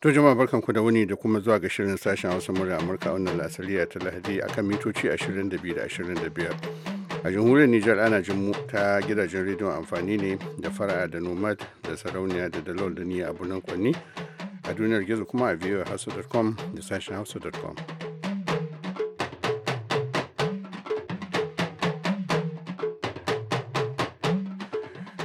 To jama'a barkanku da wuni da kuma zuwa ga shirin sashen Hausa murya Amurka wannan lasariya ta Lahadi akan mitoci 22 da 25. A jamhuriyar Nijar ana jin mu ta gidajen rediyon amfani ne da fara'a da nomad da sarauniya da dalol da niyya a kwanni a duniyar gizo kuma a viewhasu.com da sashen hausa.com.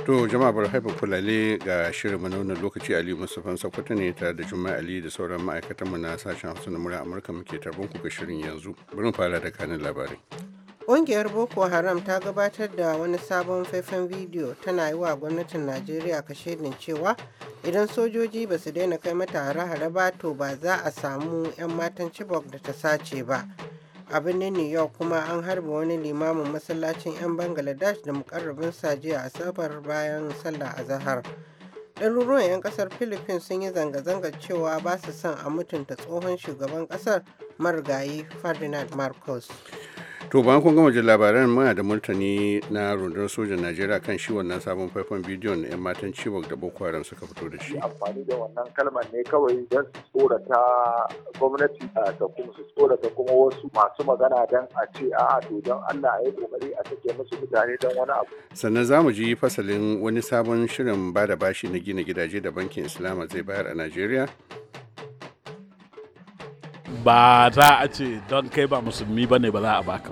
To jama'a bar haifa kulale ga shirinmu na lokaci Ali Mustapha Sokoto ne ta da Juma'a Ali da sauran ma'aikatanmu na sashen Hausa na murya Amurka muke tarbon ku ga shirin yanzu. Bari mu fara da kanin labarai. Ƙungiyar Boko Haram ta gabatar da wani sabon faifan bidiyo tana yi wa gwamnatin Najeriya kashedin cewa idan sojoji ba su daina kai mata hare-hare ba to ba za a samu 'yan matan Chibok da ta sace ba. a birnin new york kuma an harba wani limamin masallacin 'yan bangladesh da mukarrabin jiya a safar bayan sallah a azahar ɗaruruwan 'yan ƙasar philippines sun yi zanga zanga cewa ba su son a mutunta tsohon shugaban ƙasar marigayi ferdinand marcos to bayan kun gama jin labaran muna da martani na rundunar sojan najeriya kan shi wannan sabon faifan bidiyon na 'yan matan ciwon da boko haram suka fito da shi amfani da wannan kalmar ne kawai don su tsorata gwamnati ah, da kuma su tsorata kuma wasu masu magana don a ce a'a to don allah ya kokari a take musu mutane don wani abu sannan za mu ji fasalin wani sabon shirin ba da bashi na gina gidaje da bankin islama zai bayar a najeriya ba za a ce don kai ba musulmi ba ne ba za a baka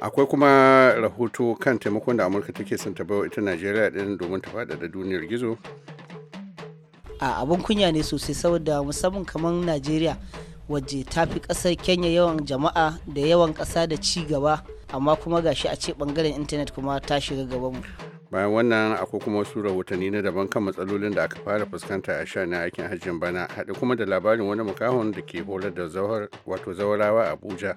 akwai kuma rahoto kan taimakon da amurka take son ta bawa ita najeriya din domin ta faɗaɗa duniyar gizo a abin kunya ne sosai saboda musamman kamar najeriya waje ta fi ƙasar kenya yawan jama'a da yawan ƙasa da ci gaba amma kuma gashi a ce bangaren intanet kuma ta shiga gaban mu bayan wannan akwai kuma wasu rahotanni na daban kan matsalolin da aka fara fuskanta a sha na aikin hajjin bana haɗe kuma da labarin wani mukahon da ke horar da wato zaurawa abuja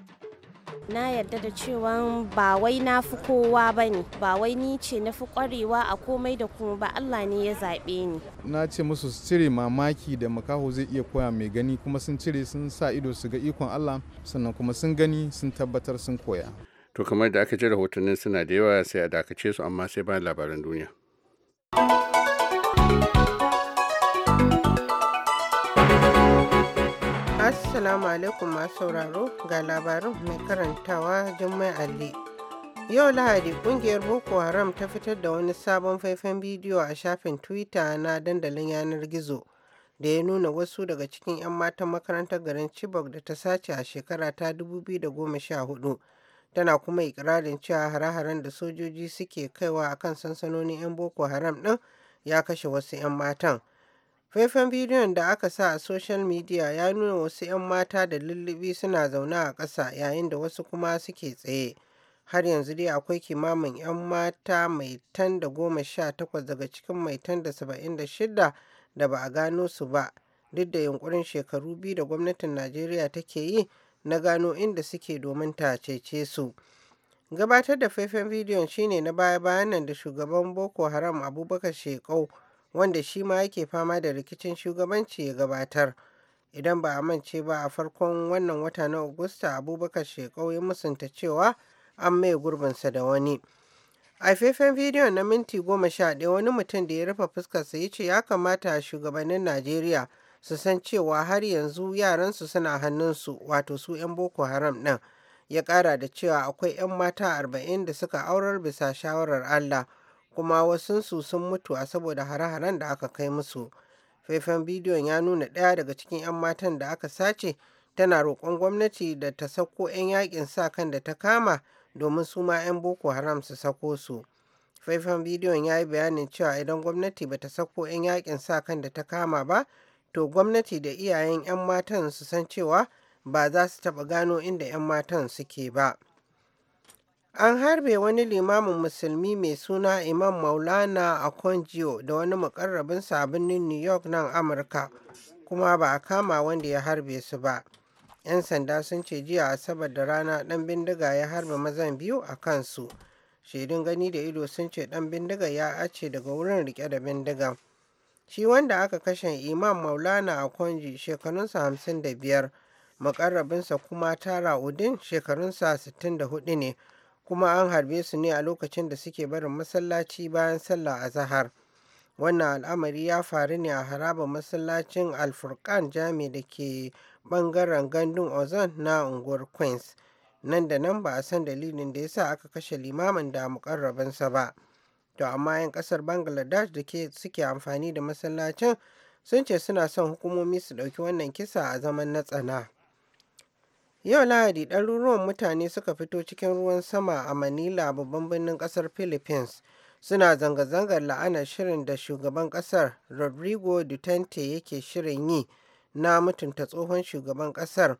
na yarda da cewa ba wai na fi kowa ba ne ba wai ni ce na fi kwarewa a komai da kuma ba Allah ne ya zaɓe ni na ce musu su cire mamaki da makaho zai iya koya mai gani kuma sun cire sun sa ido su ga ikon Allah sannan kuma sun gani sun tabbatar sun koya to kamar da aka ji rahotannin suna da yawa sai a dakace su amma sai bayan labaran duniya assalamu alaikum masu sauraro ga labarin mai karantawa jummai ali yau lahadi kungiyar boko haram ta fitar da wani sabon faifan bidiyo a shafin twitter na dandalin yanar gizo da ya nuna wasu daga cikin 'yan matan makarantar garin chibok da ta sace a shekara ta 2014 tana kuma ikirarin cewa hare-haren da sojoji suke kaiwa a kan sansanonin 'yan boko haram ɗin ya kashe wasu 'yan matan faifan bidiyon da aka sa a social media ya nuna wasu 'yan mata da lullubi suna zaune a ƙasa yayin da wasu kuma suke tsaye har yanzu dai akwai kimamin 'yan mata mai tan da goma sha takwas daga cikin mai tan da saba'in da shida da ba a gano su ba duk da yunkurin shekaru biyu da gwamnatin najeriya take yi na gano inda suke domin ta cece su gabatar da faifan bidiyon shine na baya-bayan nan da shugaban boko haram abubakar shekau wanda shi ma yake fama da rikicin shugabanci ya gabatar idan ba a mance ba a farkon wannan wata na Agusta abubakar shekau ya musanta cewa an mai gurbinsa da wani a faifan bidiyon na minti goma sha wani mutum da ya rufe fuskarsa ya ce ya kamata shugabannin najeriya su san cewa har yanzu yaransu suna hannunsu wato su 'yan boko haram ɗin ya ƙara da cewa akwai 'yan mata arba'in da suka aurar bisa shawarar allah kuma wasunsu sun mutu a saboda hare-haren da aka kai musu faifan bidiyon ya nuna ɗaya daga cikin 'yan matan da aka sace tana roƙon gwamnati da ta sako 'yan yakin sa kan da ta kama domin su ma 'yan boko haram su sako su faifan bidiyon ya yi bayanin cewa idan gwamnati ba ta sako 'yan yakin sa kan da ta kama ba to gwamnati da iyayen 'yan matan su san cewa ba za su taɓa gano inda 'yan matan suke ba. An harbe wani limamin musulmi mai suna Imam Maulana a Akonjiyo da wani mukarrabin sabinin New York nan Amurka kuma ba a kama wanda ya harbe su ba. 'Yan sanda sun ce jiya asabar da rana ɗan bindiga ya harbe mazan biyu a kansu. Shaidun gani da ido sun ce ɗan bindiga ya ace daga wurin rike da bindigan. Shi wanda aka kashe Imam Maulana Akonji shekarunsa hamsin da biyar, makarrabinsa kuma Tara Udin shekarunsa sittin da hudu ne, kuma an harbe su ne a lokacin da suke barin masallaci bayan sallah a zahar. Wannan al'amari ya faru ne a harabar masallacin Alfurkan Jami da ke bangaren gandun Ozon na unguwar Queens. Nan da nan ba a san dalilin da ya sa aka kashe limamin da mukarrabinsa ba. to amma 'yan kasar bangladesh da ke suke amfani da masallacin sun ce suna son hukumomi su dauki wannan kisa a zaman na tsana yau lahadi ɗaruruwan mutane suka fito cikin ruwan sama a manila babban birnin ƙasar philippines suna zanga-zangar la'anar shirin da shugaban ƙasar rodrigo duterte yake shirin yi na mutunta tsohon shugaban ƙasar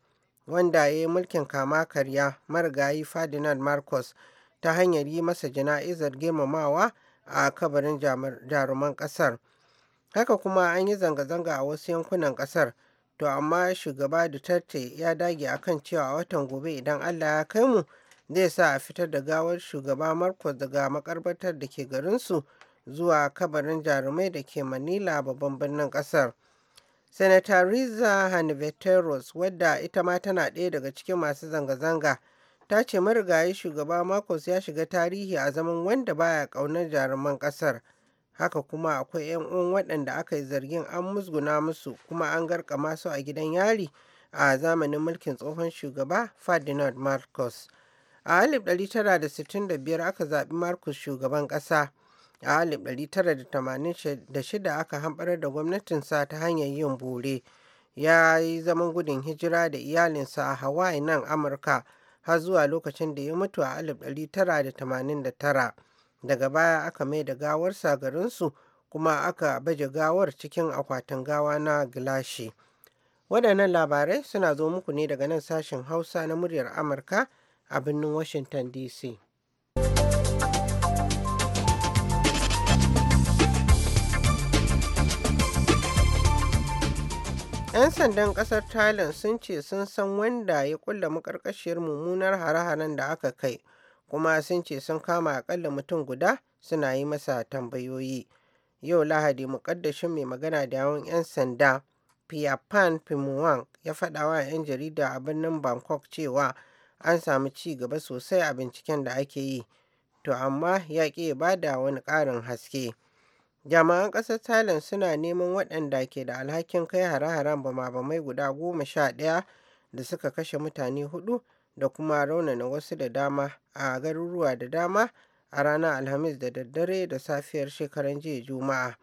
wanda ya yi mulkin kama karya marigayi ferdinand marcos ta hanyar yi masa jana'izar girmamawa a kabarin jaruman kasar haka kuma an yi zanga-zanga a wasu yankunan kasar to amma shugaba Duterte ya dage a kan cewa watan gobe idan allah ya kai mu zai sa a fitar da gawar shugaba marcos daga makarbatar da ke garinsu zuwa kabarin jarumai da ke manila babban birnin kasar senator riza hanveteros wadda ita ma tana ɗaya daga cikin masu zanga-zanga ta ce marigayi shugaba Marcos ya shiga tarihi a zaman wanda baya ƙaunar jaruman ƙasar. Haka kuma akwai 'yan uwan waɗanda aka yi zargin an musguna musu kuma an garkama su a gidan yari a zamanin mulkin tsohon shugaba Ferdinand Marcos. A 1965 aka zaɓi Marcos shugaban ƙasa. A 1986 aka hamɓarar da gwamnatinsa ta hanyar yin bore. Ya yi zaman gudun hijira da iyalinsa a Hawaii nan Amurka. har zuwa lokacin da ya mutu a 1989 daga baya aka mai da gawarsa garinsu kuma aka baje gawar cikin akwatin gawa na gilashi waɗannan labarai suna zo muku ne daga nan sashen hausa na muryar amurka a birnin washington dc 'Yan sandan ƙasar Thailand sun ce sun san wanda ya kulla makarkashiyar mummunar hare-haren da aka kai, kuma sun ce sun kama akalla mutum guda suna yi masa tambayoyi. Yau Lahadi mukaddashin mai magana da yawon 'yan sanda Piyapan pimuwan ya faɗa wa 'yan jarida a birnin Bangkok cewa an samu ci gaba sosai a binciken da ake yi, to amma ya ƙi ba da wani ƙarin haske. Jami'an ƙasar Thailand suna neman waɗanda ke da alhakin kai hare-haren bama-bamai guda goma sha ɗaya da suka kashe mutane hudu da kuma raunana wasu da dama a garuruwa da dama a ranar Alhamis da daddare da safiyar shekaran jiya Juma'a.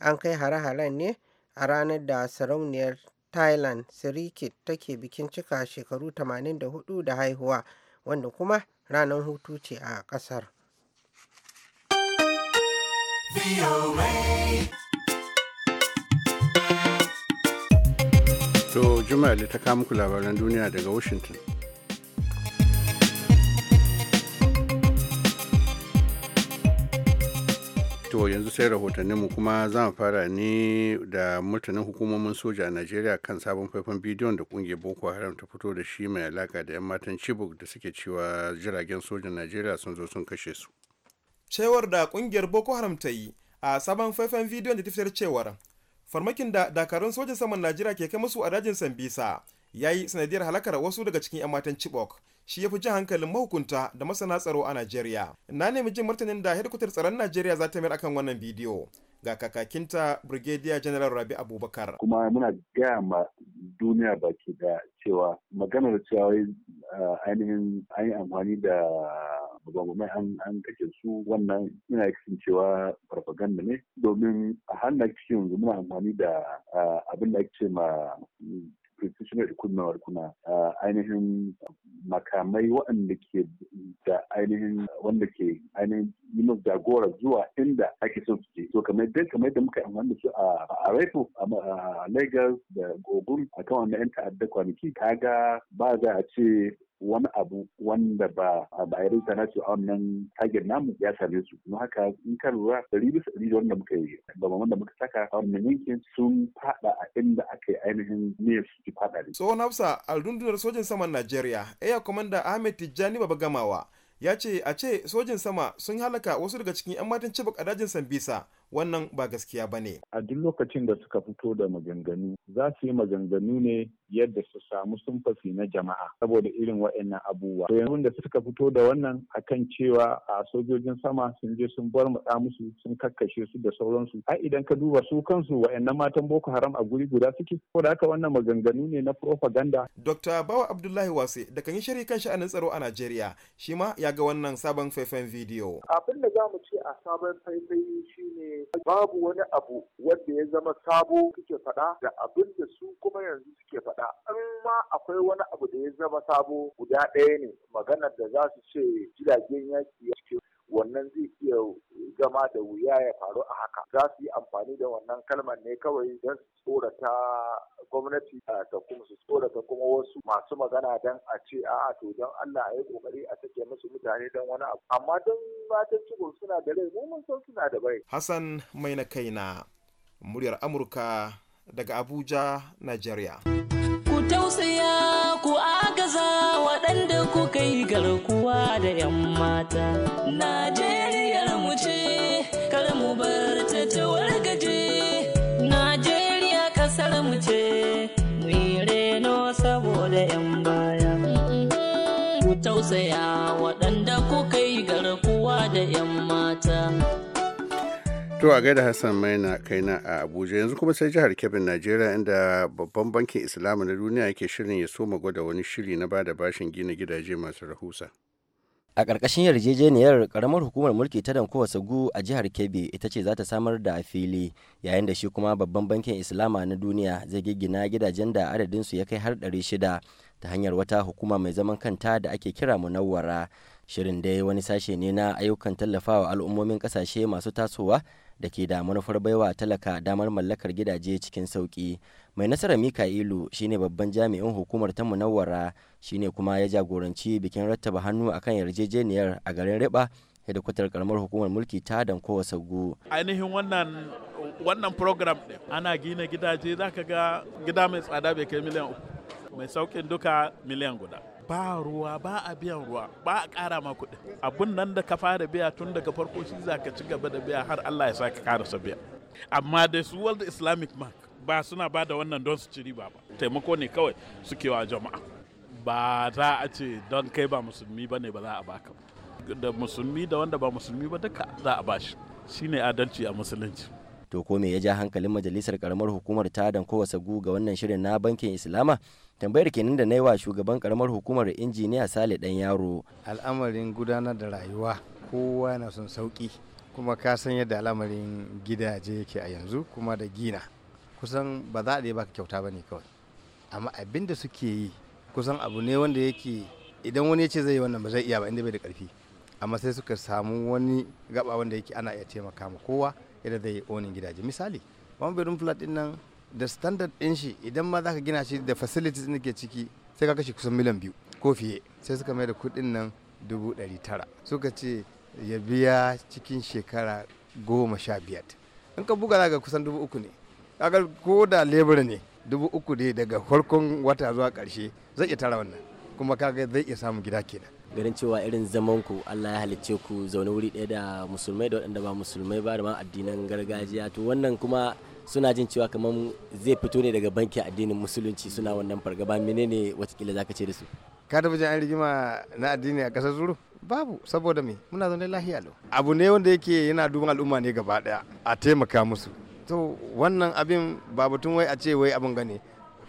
An kai hare-haren ne a ranar da sarauniyar Thailand Sirikit take bikin cika shekaru 84 da haihuwa, wanda kuma ranar hutu ce a ƙasar. To Juma'a ta kawo muku labaran duniya daga Washington. To yanzu sai rahotanninmu kuma za mu fara ne da martanin hukumomin soja a Najeriya kan sabon faifan bidiyon da kungiyar Boko Haram ta fito da shi mai alaka da 'yan matan Chibok da suke cewa jiragen sojan Najeriya sun zo sun kashe su. cewar da kungiyar boko haram ta yi a sabon faifan bidiyon da ta fitar cewar farmakin da dakarun sojan saman najeriya ke kai musu a dajin sambisa ya yi sanadiyar halakar wasu daga cikin 'yan matan chibok shi ya fi jin hankalin mahukunta da masana tsaro a najeriya na nemi jin martanin da hedkwatar tsaron najeriya za ta mayar akan wannan bidiyo ga kakakinta brigadier general rabi abubakar kuma muna gaya ma duniya baki da cewa maganar cewa eh, ainihin an yi amfani da mai an kashe su wannan yana cewa farfaganda ne domin a hannun cikin yanzu muna amfani da abin da ake ce ma mm, precisionary kunna kuna ainihin makamai waɗanda ke da ainihin wanda ke ainihin yi jagora zuwa inda ake son su je to kamar dai kamar da muka amfani da su a Arefu a Lagos da Ogun a kan wannan 'yan ta'adda kwanaki kaga ba za a ce wani abu wanda ba ba a rinta a wannan tagin namu ya same su don haka in ka lura ɗari bisa ɗari da wanda muka yi ba wanda muka saka a wannan yankin sun fada a inda aka yi ainihin ne su fada ne. tsohon hafsa a rundunar sojin saman najeriya air commander ahmed tijjani baba gamawa ya ce a ce sojin sama sun halaka wasu daga cikin 'yan matan cibok a dajin sambisa wannan ba gaskiya ba ne. A duk lokacin da suka fito da maganganu za su yi maganganu ne yadda su samu sumfafi na jama'a saboda irin wa'annan abubuwa. To yanzu da suka fito da wannan akan cewa a sojojin sama sun je sun bar da musu sun kakkashe su da sauransu. Ai idan ka duba su kansu wa'annan matan Boko Haram a guri guda suke ko da haka wannan maganganu ne na propaganda. Dr. Bawa Abdullahi Wase da kan yi shari kan sha'anin tsaro a Najeriya shi ma ya ga wannan sabon faifan bidiyo. Abin da za mu ce a sabon shi shine babu wani abu wanda ya zama sabo suke faɗa da abin da su kuma yanzu suke faɗa in ma akwai wani abu da ya zama sabo guda ɗaya ne maganar da za su ce jiragen yaki ya cikin wannan zai iya zama da wuya ya faru a haka za su yi amfani da wannan kalmar ne kawai don su tsorata gwamnati ta kuma su ta kuma wasu masu magana dan a ce a'a to don Allah a yi kokari a sake musu mutane dan wani abu amma don matan cikin suna da rai mun san suna da bai Hassan mai na kaina muryar Amurka daga Abuja Nigeria ku tausaya ku agaza waɗanda ku kai garkuwa da 'yan mata Najeriya mu ce kar mu bar ta Najeriya kasar mu ce mu yi reno saboda 'yan baya ku tausaya waɗanda kuka yi garkuwa da 'yan mata To a gaida Hassan kai na a Abuja yanzu kuma sai jihar Kebbi Najeriya inda babban bankin Islamu na duniya yake shirin ya soma gwada wani shiri na bada bashin gina gidaje masu rahusa. a ƙarƙashin yarjejeniyar ƙaramar hukumar mulki ta dankowa sagu a jihar kebbi ita ce za ta samar da fili yayin da shi kuma babban bankin islama na duniya zai giggina gidajen da adadinsu ya kai har ɗari shida, ta hanyar wata hukuma mai zaman kanta da ake kira munawwara shirin dai wani sashe ne na ayyukan tallafawa al'ummomin ƙasashe masu tasowa da ke da manufar baiwa talaka damar mallakar gidaje cikin sauki mai nasara mika'ilu shine babban jami'in hukumar ta munawwara shine kuma ya jagoranci bikin rattaba hannu a kan yarjejeniyar a garin riba hedikwatar karamar hukumar mulki ta dankowa sagu ainihin wannan wannan program ɗin ana gina gidaje za ka ga gida mai tsada bai kai miliyan uku mai saukin duka miliyan guda ba ruwa ba a biyan ruwa ba a ƙara ma kuɗi abun nan da ka fara biya tun daga farko shi za ka ci gaba da biya har allah ya saka karasa biya amma da su world islamic bank ba suna ba da wannan don su ci riba ba taimako ne kawai suke wa jama'a ba za a ce don kai ba musulmi ba ne ba za a baka da musulmi da wanda ba musulmi ba duka za a ba shi shine adalci a musulunci to ko me ya ja hankalin majalisar karamar hukumar ta dan kowace ga wannan shirin na bankin islama tambayar kenan da na yi wa shugaban karamar hukumar injiniya sale dan yaro al'amarin gudanar da rayuwa kowa na son sauki kuma ka san yadda al'amarin gidaje yake a yanzu kuma da gina kusan ba za a baka kyauta ba ne kawai amma abin da suke yi kusan abu ne wanda yake idan wani ya ce zai yi wannan ba zai iya ba inda bai da karfi amma sai suka samu wani gaba wanda yake ana iya taimaka ma kowa yadda zai yi onin gidaje misali one bedroom flat din nan da standard din shi idan ma ka gina shi da facilities din ke ciki sai ka kashe kusan miliyan biyu ko fiye sai suka mai da kuɗin nan dubu ɗari tara suka ce ya biya cikin shekara goma sha biyar in ka buga za ka kusan dubu uku ne kaga ko da lebura ne dubu uku ne daga farkon wata zuwa karshe zai iya tara wannan kuma kaga zai iya samun gida kenan ganin cewa irin zaman ku Allah ya halicce ku zaune wuri ɗaya da musulmai da waɗanda ba musulmai ba da ma addinan gargajiya to wannan kuma suna jin cewa kamar zai fito ne daga bankin addinin musulunci suna wannan fargaba menene watakila zaka ce da su ka tafi jan rigima na addini a ƙasar zuru babu saboda me muna zaune lahiya lau abu ne wanda yake yana duban al'umma ne gaba ɗaya a taimaka musu to wannan abin ba batun wai a ce wai abin gane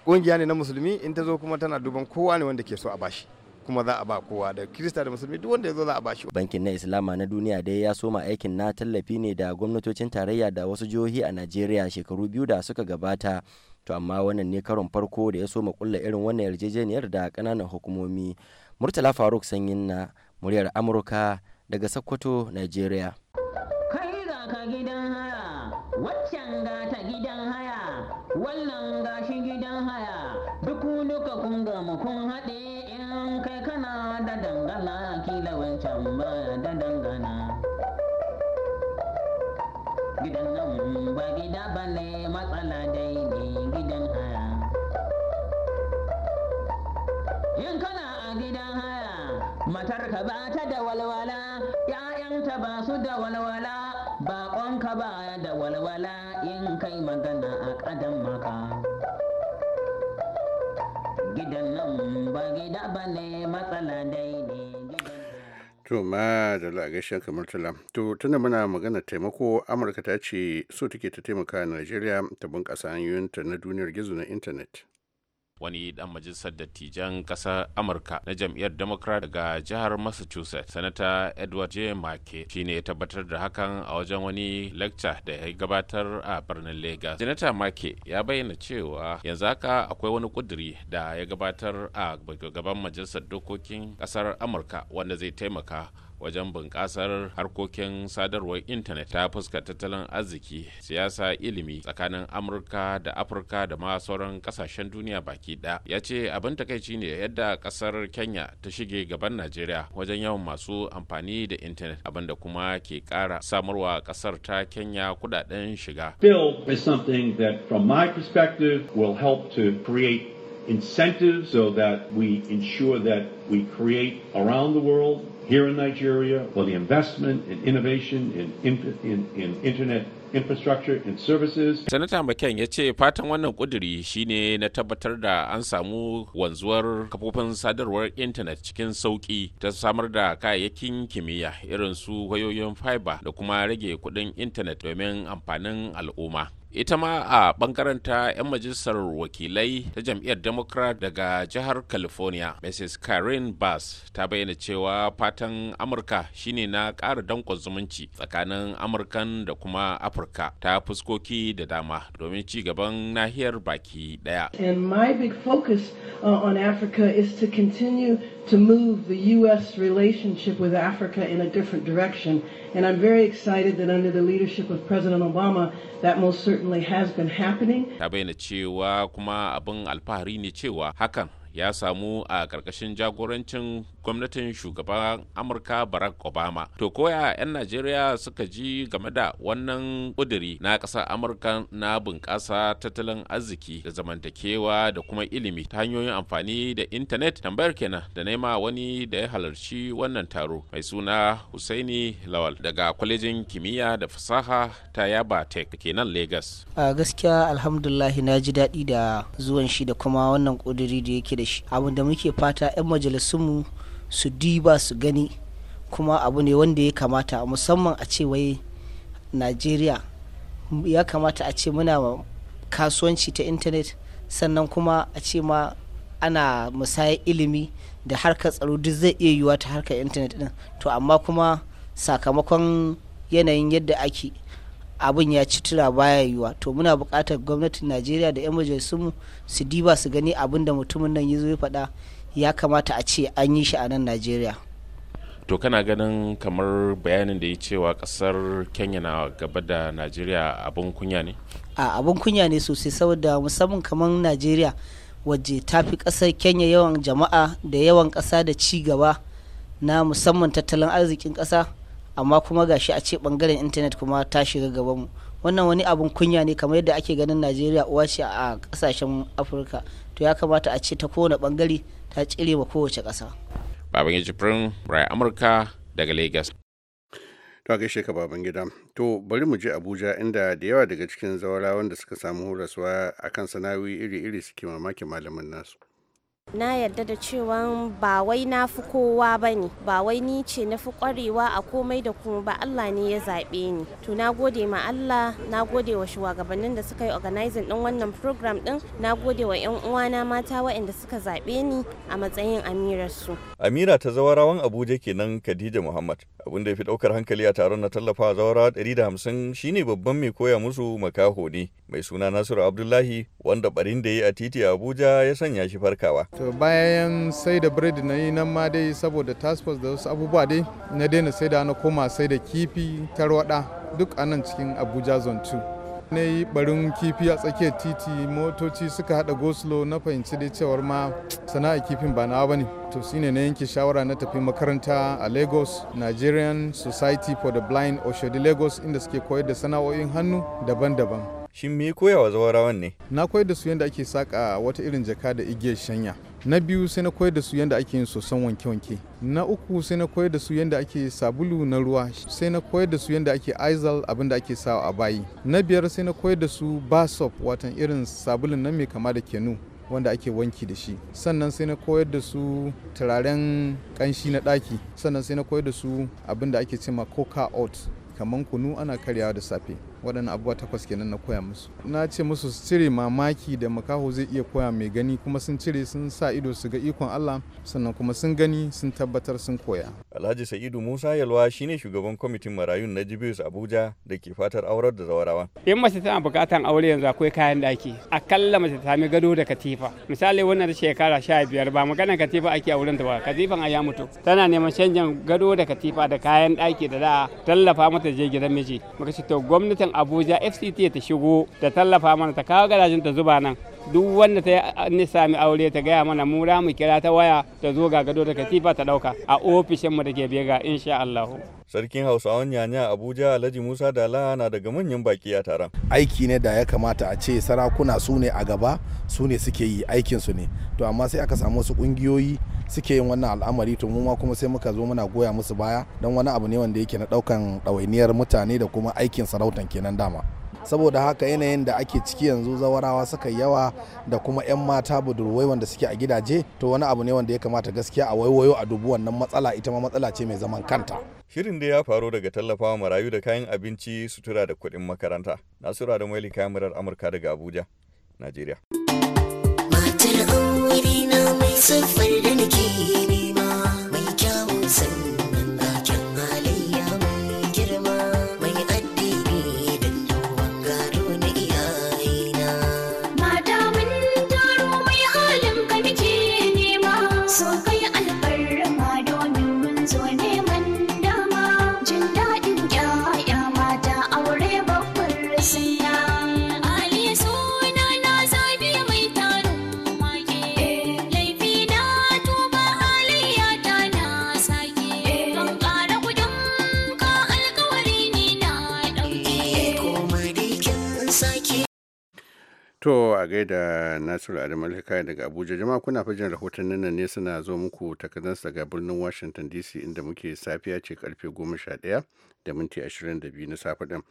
kungiya ne na musulmi in ta zo kuma tana duban kowa ne wanda ke so a bashi kuma za a ba kowa da kirista da musulmi duk wanda ya zo za a ba bankin na islama na duniya dai ya soma aikin na tallafi ne da gwamnatocin tarayya da wasu jihohi a najeriya shekaru biyu da suka gabata to amma wannan ne karon farko da ya soma kulla irin wannan yarjejeniyar da kananan hukumomi murtala faruk sanyin na muryar amurka daga sokoto nigeria. ta gidan haya wannan gashi gidan haya duk duka kun gamu kun haɗe in kai kana da dangana kila wancan ba da dangana gidan nan ba gida ba ne matsala dai ne gidan haya in kana a gidan haya matarka ba ta da walwala 'ya'yanta ba su da walwala ba ka ba da walwala in kai magana a ƙadan maka gidan nan ba gida ba ne matsala dai ne to ma da la'agashin kamar tala to tana muna magana taimako amurka ta ce so take ta taimaka najeriya ta bunƙasa hanyoyinta na duniyar gizo na intanet wani dan majalisar dattijan kasar amurka na jam'iyyar democrat daga jihar massachusetts sanata edward j make shine ya tabbatar da hakan a wajen wani lecture da ya gabatar a birnin lagos janata make ya bayyana cewa yanzu haka akwai wani kuduri da ya gabatar a gaban majalisar dokokin kasar amurka wanda zai taimaka wajen bunƙasar harkokin sadarwar intanet ta fuska tattalin arziki siyasa ilimi tsakanin amurka da afirka da ma sauran ƙasashen duniya baki ɗaya ya ce abin takaici ne yadda ƙasar kenya ta shige gaban najeriya wajen yawan masu amfani da intanet abinda kuma ke ƙara samarwa ƙasar ta kenya kuɗaɗen shiga bill is something that from my perspective will help to create incentives so that we ensure that we create around the world, here in Nigeria, for the investment in innovation in, in, in internet infrastructure and services. Sanata McCain ya ce fatan wannan kuduri shine na tabbatar da an samu wanzuwar kafofin sadarwar intanet cikin sauki ta samar da kayayyakin kimiyya irin su wayoyin fiber da kuma rage kudin intanet domin amfanin al'umma. ita ma a bangaren ta 'yan majalisar wakilai ta jam'iyyar democrat daga jihar california mrs karen bass ta bayyana cewa fatan amurka shine na ƙara danƙon zumunci tsakanin amurkan da kuma afirka ta fuskoki da dama domin ci gaban nahiyar baki daya and my big focus uh, on africa is to continue to move the U.S. relationship with Africa in a different direction. And I'm very excited that under the leadership of President Obama, that most certainly has been happening. Ta bayyana cewa kuma abin alfahari ne cewa hakan ya samu a karkashin jagorancin gwamnatin shugaban amurka barack obama to koya 'yan najeriya suka ji game da wannan kuduri na ƙasar amurka na bunƙasa tattalin arziki da zamantakewa da kuma ilimi ta hanyoyin amfani da intanet tambayar kenan da nema wani da ya halarci wannan taro mai suna husaini lawal daga kwalejin kimiyya da fasaha ta yaba tech da kenan lagos a gaskiya alhamdulahi na ji daɗi da zuwan shi da kuma wannan kuduri da yake da da shi abin da muke fata 'yan majalisunmu su diba su gani kuma abu ne wanda ya kamata musamman a ce wai najeriya ya kamata a ce muna kasuwanci ta intanet sannan kuma a ce ma ana musayar ilimi da harkar tsaro duk zai iya yiwuwa ta harkar intanet din to amma kuma sakamakon yanayin yadda ake abin ya ci tura baya yiwuwa to muna buƙatar gwamnatin najeriya da 'yan majalisunmu su diba su gani abin da mutumin nan ya zo ya faɗa ya kamata a ce an yi shi a nan najeriya to kana ganin kamar bayanin da ya cewa kasar kenya na gaba da najeriya abin kunya ne a abin kunya ne sosai saboda musamman kamar najeriya waje ta fi kasar kenya yawan jama'a da yawan kasa da ci gaba na musamman tattalin arzikin kasa amma kuma gashi a ce bangaren intanet kuma ta shiga gaban mu wannan wani abun kunya ne kamar yadda ake ganin najeriya uwa ce a kasashen afirka to ya kamata a ce ta kowane bangare ta tsire ma kowace kasa baban rai amurka daga lagos to a gaishe ka baban gida to bari mu je abuja inda da yawa daga cikin zawara wanda suka samu rasuwa akan sana'o'i iri-iri suke mamakin malamin nasu na yarda da cewa ba wai na fi kowa ba ne ba wai ni ce na fi kwarewa a komai da kuma ba Allah ne ya zaɓe ni to na gode ma Allah na gode wa shugabannin da suka yi organizing din wannan program ɗin na gode wa yan uwana mata waɗanda suka zaɓe ni a matsayin amirarsu. amira ta zawarawan Abuja kenan kadija Muhammad abin da ya fi ɗaukar hankali a taron na tallafa zawara hamsin shine babban mai koya musu makaho ne mai suna Nasiru Abdullahi wanda barin da ya a titi Abuja ya sanya shi farkawa to bayan sai da biredi na yi nan ma dai saboda tasfos da wasu abubuwa dai na daina sai da na koma sai da kifi tarwada duk a nan cikin abuja zone 2 na yi barin kifi a tsakiyar titi motoci suka hada goslo na fahimci dai cewar ma sana'a kifin ba na bane to shine na yanke shawara na tafi makaranta a lagos nigerian society for the blind oshodi lagos inda suke koyar da sana'o'in hannu daban-daban shin me koya wa zawarawan ne na koyar da su yadda ake saka wata irin jaka da igiyar shanya na biyu sai na koyar da su yadda ake yin soson wanke-wanke na uku sai na koyar da su yadda ake sabulu na ruwa sai na koyar da su yadda ake aizal abin da ake sawa a bayi na biyar sai na koyar da su basop watan irin sabulun nan mai kama da kenu wanda ake wanki da shi sannan sai na koyar da su turaren kanshi na daki sannan sai na koyar da su abin da ake cema coca out kamar kunu ana karyawa da safe waɗannan abubuwa takwas kenan na koya musu na ce musu su cire mamaki da makaho zai iya koya mai gani kuma sun cire sun sa ido su ga ikon Allah sannan kuma sun gani sun tabbatar sun koya Alhaji Sa'idu Musa Yalwa shine shugaban kwamitin marayun na Jibius Abuja da ke fatar aurar da zawarawa in mace tana bukatan aure yanzu akwai kayan daki akalla mace ta sami gado da katifa misali wannan shekara sha biyar ba magana katifa ake auren ta ba katifan a ya mutu tana neman canjin gado da katifa da kayan daki da za a tallafa mata je gidan miji muka ce to gwamnatin abuja fct ta shigo ta tallafa mana ta kawo garajin ta zuba nan duk wanda ta ni sami aure ta gaya mana mu mu kira ta waya ta zo ga gado ta katifa ta dauka a ofishin mu dake bega insha Allah sarkin hausawan nyanya abuja alhaji musa dala na daga manyan baki a taron aiki ne da ya kamata a ce sarakuna su ne a gaba su ne suke yi aikin su ne to amma sai aka samu wasu kungiyoyi suke yin wannan al'amari to mu ma kuma sai muka zo muna goya musu baya don wani abu ne wanda yake na daukan ɗawainiyar mutane da kuma aikin sarautan kenan dama saboda haka yanayin da ake ciki yanzu zawarawa suka yawa da kuma 'yan mata budurwai wanda suke a gidaje to wani abu ne wanda ya kamata gaskiya a waiwayo a dubu wannan matsala ita ma matsala ce mai zaman kanta shirin da ya faro daga tallafawa marayu da kayan abinci sutura da kuɗin makaranta nasura da maili kayan murar amurka daga abuja najeriya matar mai da nake a gaida Nasiru Adamalika daga Abuja. Jama'a kuna fajin rahoton nan ne suna zo muku takardarsa daga birnin Washington DC inda muke safiya ce karfe 11 da minti 22 na safe din.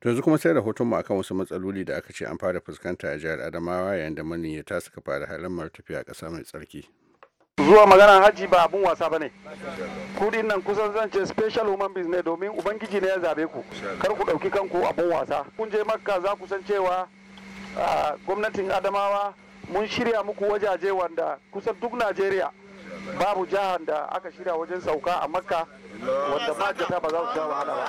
To yanzu kuma sai rahoton mu akan wasu matsaloli da aka ce an fara fuskanta a jihar Adamawa yayin da maniyyata suka fara halamar tafiya ƙasa mai tsarki. zuwa magana hajji ba abun wasa ba ne kudin nan kusan zance special human business domin ubangiji ne ya zabe ku kar ku ɗauki kanku abun wasa kun je makka za ku san cewa gwamnatin adamawa mun shirya muku wajaje wanda kusan duk najeriya babu jiha da aka shirya wajen sauka a makka wanda majata ba za su sha wahala ba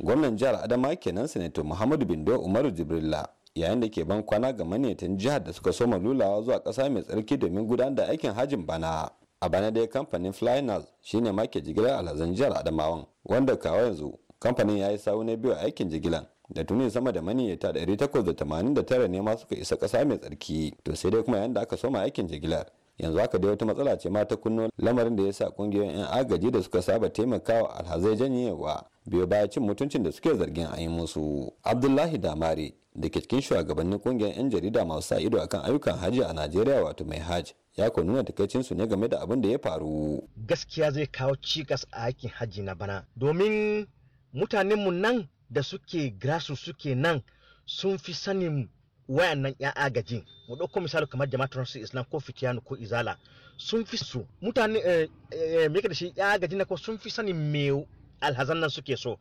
gwamnan jihar adama kenan sanato muhammadu bindo umaru jibrilla yayin da ke ban kwana ga maniyatan jihar da suka soma lulawa zuwa ƙasa mai tsarki domin gudanar da aikin hajin bana a bana dai kamfanin flynas shine ma ke jigilar alhazan jihar adamawan wanda kawo yanzu kamfanin ya yi sawu na biyu aikin jigilan da tuni sama da maniyyata 889 ne ma suka isa ƙasa mai tsarki to sai dai kuma yadda aka soma aikin jigilar yanzu haka dai wata matsala ce ma ta kunno lamarin da ya sa kungiyoyin 'yan agaji da suka saba taimakawa alhazai janyewa biyo baya cin mutuncin da suke zargin an yi musu abdullahi damari da ke cikin shugabannin kungiyar 'yan jarida masu sa ido akan ayyukan hajji a najeriya wato mai hajj ya ko nuna takaicin su ne game da abin da ya faru gaskiya zai kawo cikas a aikin hajji na bana domin mutanenmu nan da suke grasu suke nan sun fi sanin wayannan ya agajin mu ɗauko misali kamar jama'atar su islam ko fitiyanu ko izala sun fi su mutane eh, eh, eh, me da shi agajin ko sun fi sanin me alhazan nan suke so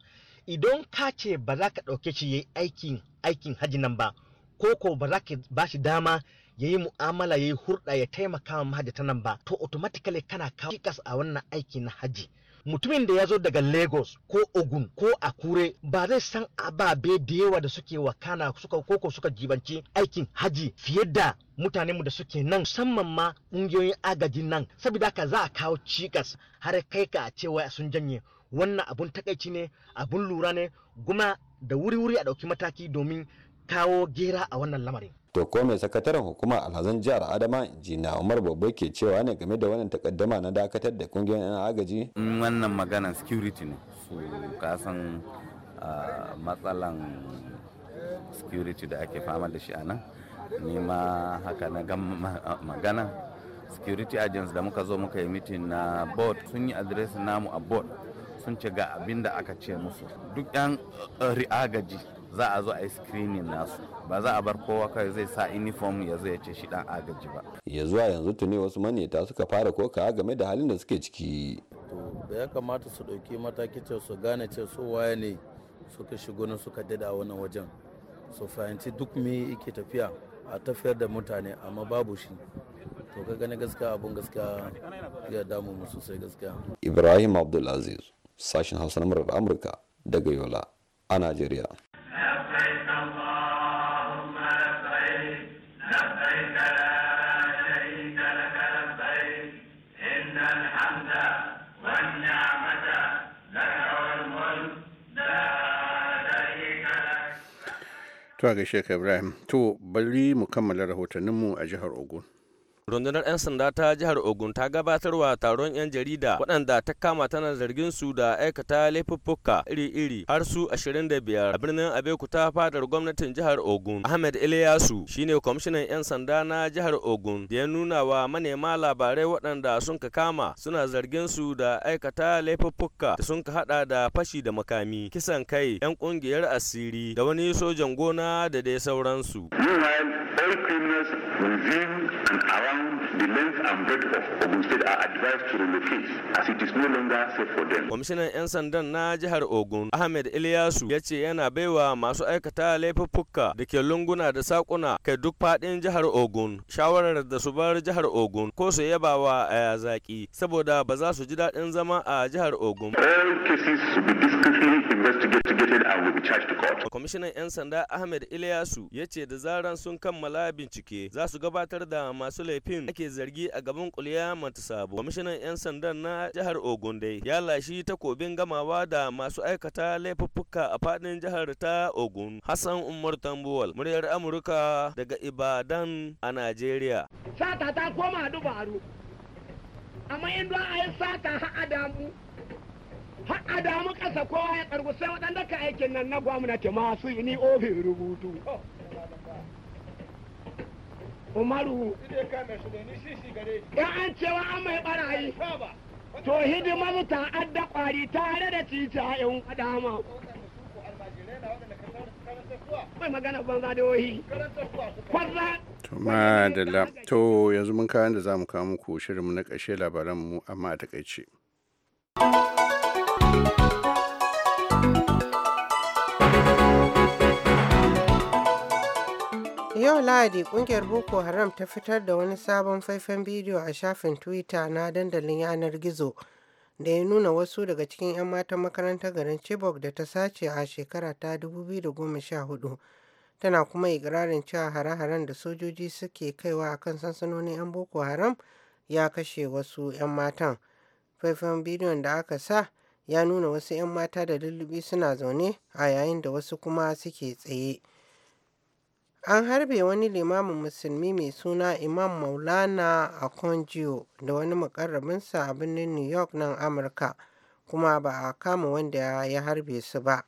idan ka ce ba za ka ɗauke shi yayi aikin aikin haji nan ba ko ko ba za ka ba shi dama ya yi mu'amala ya yi hurɗa ya taimaka wa mahajjata nan ba to automatically kana kawo kikas a wannan aiki na haji mutumin da ya zo daga lagos ko ogun ko akure ba zai san ababe da yawa da suke wakana suka koko suka jibanci aikin haji fiye da mutanenmu da suke nan musamman ma ƙungiyoyin agaji nan saboda haka za a kawo cikas har kai ka cewa sun janye wannan abun takaici ne abun lura ne kuma da wuri-wuri a ɗauki mataki domin kawo gera a wannan lamarin to ko mai sakataren hukumar alhazan jihar adama jina umar babba ke cewa ne game da wannan takaddama na dakatar da kungiyar yan agaji mm, wannan maganar security ne su kasan ah, matsalan security da ake fama da shi a nan ni ma haka na gan magana security agents da muka zo muka yi mitin na board sun yi adresin namu a board sun ce ga abin da aka ce musu duk yan eh, ri'agaji za a zo a yi screening nasu ba za a bar kowa kai zai sa uniform ya zo ya ce shi dan agaji ba ya zuwa yanzu tuni wasu manyata suka fara koka game da halin da suke ciki to da ya kamata su ɗauki mataki ce su gane ce su waye ne suka shigo nan suka dada wannan wajen su fahimci duk me yake tafiya a tafiyar da mutane amma babu shi to ka gani gaskiya abun gaskiya ya damu mu sosai gaskiya ibrahim abdulaziz sashen hausa na murar amurka daga yola a najeriya To ga ka Ibrahim. To bari mu kammala rahotanninmu a jihar Ogun. rundunar 'yan sanda ta jihar ogun ta gabatarwa taron 'yan jarida waɗanda ta kama tana zargin su da aikata laifuffuka iri-iri har su ashirin da biyar. a birnin abekuta fadar gwamnatin jihar ogun ahmed iliyasu shine kwamishinan 'yan sanda na jihar ogun da ya nuna wa manema labarai waɗanda sun ka kama suna zargin su da aikata laifuffuka da sun ka hada da fashi da makami kisan kai 'yan ƙungiyar asiri da wani sojan gona da dai sauransu. Meanwhile, all criminals within and around the length and breadth of Ogun State are advised to relocate as it is no longer safe for them. Kwamishinan 'yan sandan na jihar Ogun Ahmed Ilyasu ya ce yana baiwa masu aikata laifuffuka da ke lunguna da sakuna kai duk faɗin jihar Ogun shawarar da su bar jihar Ogun ko su yaba wa a zaki saboda ba za su ji daɗin zama a jihar Ogun. All cases should be discreetly investigated and will be charged to court. Kwamishinan 'yan sanda Ahmed Ilyasu ya ce da zaran sun kammala bincike za su gabatar da masu laifin ake ake zargi a gaban kuliya mata sabo kwamishinan 'yan sandan na jihar ogun dai ya lashi takobin gamawa da masu aikata laifuffuka a fadin jihar ta ogun hassan umar tambuwal muryar amurka daga ibadan a nigeria sata ta koma dubaru amma in don a yi sata ha'adamu ha'adamu kasa kowa ya kargu sai waɗanda ka aikin nan na gwamnati masu yi ni ofin rubutu umaru Ya an cewa an mai barayi to hidimar ta adda kwari tare da a yan dama mai magana banza da Kwanza. Tuma da to yanzu mun kawo da za mu kawo muku shirinmu na ƙarshe labaranmu amma a takaice. yau lahadi kungiyar boko haram ta fitar da wani sabon faifan bidiyo a shafin twitter na dandalin yanar gizo da ya nuna wasu daga cikin 'yan matan makarantar garin chibok da ta sace a shekara ta 2014 tana kuma ikirarin cewa hare-haren da sojoji suke kaiwa a kan sansanonin 'yan boko haram ya kashe wasu 'yan matan faifan bidiyon da aka sa ya nuna wasu 'yan mata da lullubi suna zaune a yayin da wasu kuma suke tsaye. An harbe wani limamin musulmi mai suna Imam Maulana Akonjio da wani mukarrabinsa a birnin New York nan Amurka, kuma ba a kama wanda ya harbe su ba.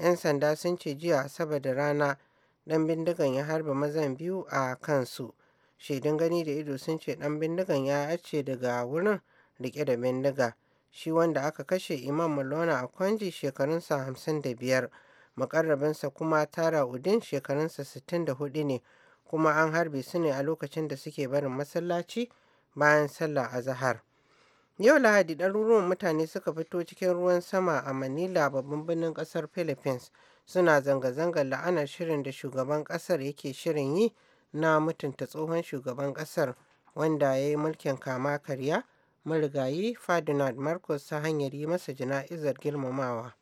'Yan sanda sun ce jiya Asabar da rana 'dan bindigan ya harbe mazan biyu a kansu. Shaidun gani da ido sun ce ɗan bindigan ya yace daga wurin rike da bindiga. Shi wanda aka kashe Imam Maulana Akonji shekarunsa hamsin da biyar. Makarrabinsa, kuma tara udin shekarunsa 64 ne kuma an harbe su ne a lokacin da suke barin masallaci bayan sallah a zahar. yau lahadi ɗaruruwan mutane suka fito cikin ruwan sama a manila babban birnin ƙasar philippines suna zanga-zangar la'anar shirin da shugaban ƙasar yake shirin yi na mutunta tsohon shugaban ƙasar wanda ya yi mulkin kama karya marigayi ferdinand marcos ta hanyar yi masa jana'izar girmamawa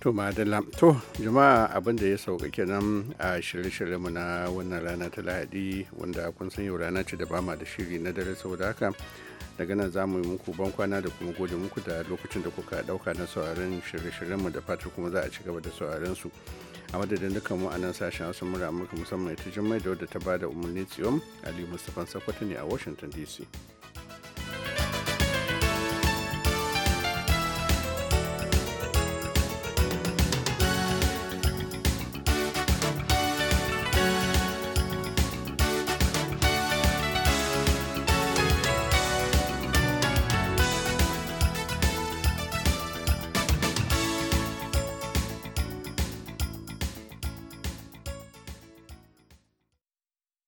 to madalla to jama'a abinda ya sauka kenan a shirye mu na wannan rana ta lahadi wanda kun san yau rana ce da ba ma da shiri na dare saboda haka daga nan za mu yi muku ban kwana da kuma gode muku da lokacin da kuka dauka na sauraron shirye mu da fatar kuma za a ci gaba da sauraron su a madadin dukkan mu a nan sashen wasu mura amurka musamman ita jimai da wadda ta bada umarni tsiyon ali mustapha sakwata ne a washington dc